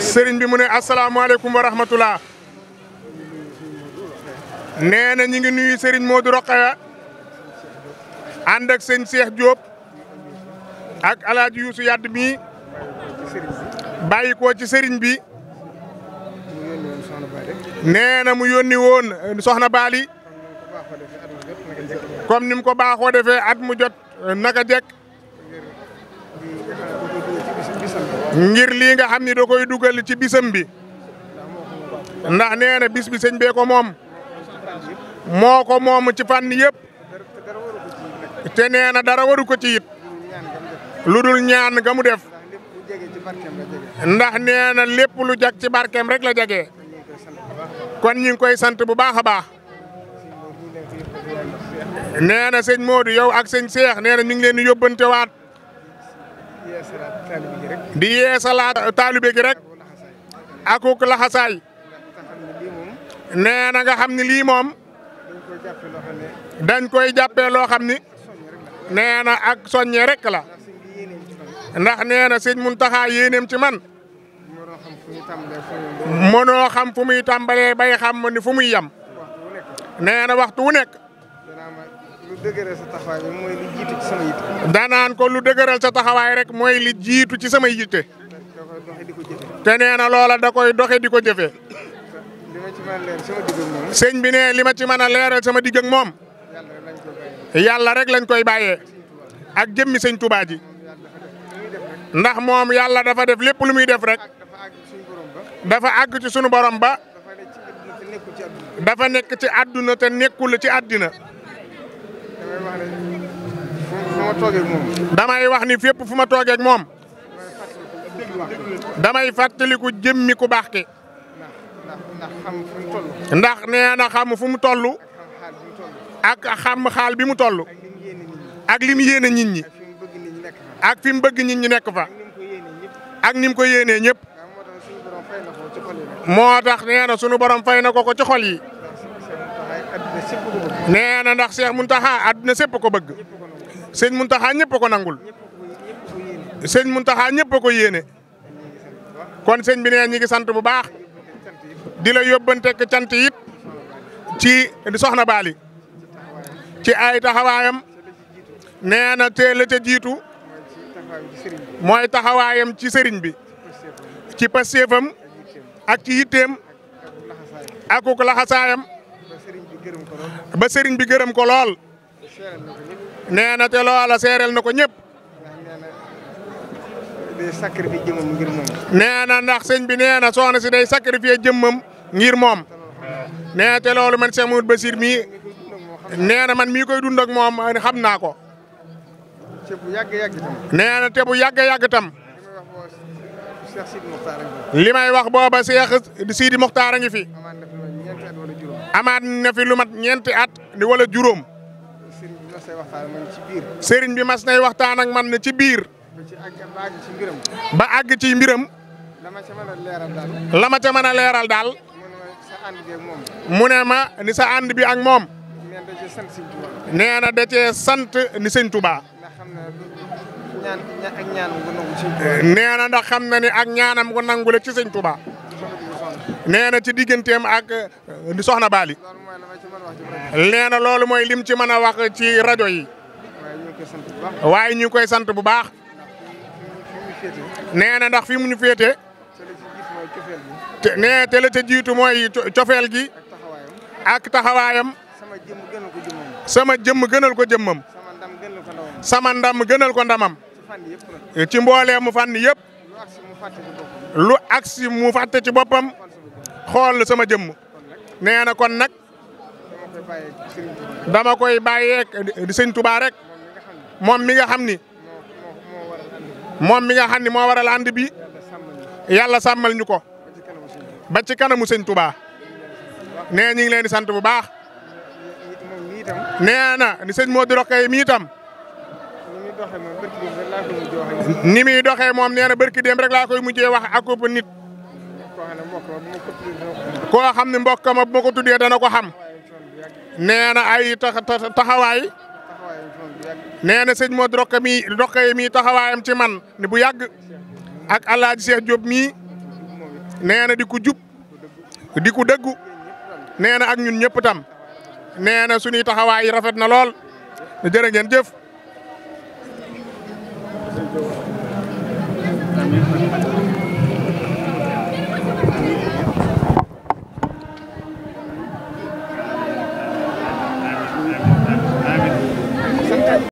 sëriñ bi mu ne asalaamaaleykum wa rahmatullah nee na ñu ngi nuyu sëriñ Modou Rokhaya ànd ak sëñ Cheikh Diop ak El Hadj Youssou Yadd mii bàyyi ko ci sëriñ bi nee na mu yónni woon Soxna Bali comme ni mu ko baaxoo defee at mu jot naka jekk. ngir lii nga xam ni da koy dugal ci bisam bi ndax neena na bis bi sëñ bee ko moom moo ko moom ci fànn yëpp te nee na dara waru ko ci it lu dul ñaan nga mu def ndax nee na lépp lu jag ci barkem rek la jage kon ñu ngi koy sant bu baax a baax nee na moo du yow ak sëñ Cheikh nee na ñu ngi leen di yóbbante waat di yeesalaat taalibe gi rek akuk laxasaay nee nga xam ni lii moom dañ koy jàppee loo xam ni nee ak soññe rek la ndax nee na sëñ Muntaxa yéeneem ci man mënoo xam fu muy tàmbalee bay xam ni fu muy yam nee waxtu wu nekk lu ko lu dëgëral sa taxawaay rek mooy li jiitu ci sama yitte. te nee na loola da koy doxe di ko jëfee. sëñ bi ne li ma ci mën a leeral sama digg ak moom. yàlla rek lañ koy bàyyee. ak jëmmi sëñ Touba ndax moom yàlla dafa def lépp lu muy def rek. dafa àgg ci sunu borom ba. dafa nekk ci àdduna te nekkul ci àddina. damay wax ni fépp fu ma toogee moom. damay fàttaliku jëmmi ku baax ki. ndax nee na xam fu mu toll. ak xam xaal bi mu tollu ak lim mu yéene nit ñi. ak fi mu bëgg nit ñi nekk fa. ak ni mu ko yéenee ñépp moo tax nee sunu borom fay ko ko ci xol yi. nee na ndax Cheikh Mountakha àdduna sépp ko bëgg sëñ Mountakha ñëpp ko nangul sëñ Mountakha ñëpp ko yéene kon sëñ bi nee ñi ngi sant bu baax di la yóbbanteeg cant it ci soxna Bali ci ay taxawaayam nee na teel jiitu mooy taxawaayam ci sëriñ bi ci pasteefam ak ci yitteem ak ku laxasaayam ba sëriñ bi gërëm ko lool. nee na te loola seereel na ko ñëpp. nee na ndax sëñ bi nee na soxna si day sacrifier jëmmam ngir moom. nee te loolu man Cheikh Mamadou Bassir mii nee man mii koy dund ak moom xam naa ko. nee te bu yàgg yàgg tam. li wax booba Cheikh Sidi Mokhtar ngi fi. amaat na fi ñeenti at di wala juróom. sëriñ bi mas nay waxtaan ak man ne ci biir. ba àgg ci mbiram. la ma ca mën a leeral daal. ma ca mën a leeral daal. mu ne ma ni sa ànd bi ak moom. nee na da sant ni sëñ Touba. nee na ndax xam na ni ak ñaanam gu nangule ci sëñ Touba. nee na ci digganteem ak euh, soxna Bali. nee na loolu mooy lim ci mën a wax ci rajo yi. waaye ñu koy sant bu baax. nee na ndax fi mu ñu féete. te nee te jiitu mooy cofeel gi. ak taxawaayam. sama jëmm gënal ko jëmmam. sama ndam gënal ko ndamam. ci mboole mu fànn yépp lu agsi mu fàtte ci boppam. xool sama jëmm nee na kon nag dama koy bàyyeek di sëñ Touba rek moom mi nga xam ni moom mi nga xam ni moo waral ànd bi yàlla sàmmal ñu ko ba ci kanamu sëñ Touba ne ñu ngi leen di sant bu baax nee na ni sëñ Modou Rokhaya mi itam ni muy doxee moom nee na barki rek laa koy mujjee wax akub nit. koo xam ne mbokkam bu ma ko tuddee dana ko xam nee na ay taxawaay nee na sëñ Modou Rokhaya mi Rokhaya mi taxawaayam ci man ne bu yàgg ak Alaaji Cheikh Diop mii nee na di ko jub di ko dëggu nee na ak ñun ñëpp tam nee na suñuy taxawaay rafet na lool jërë ngeen jëf.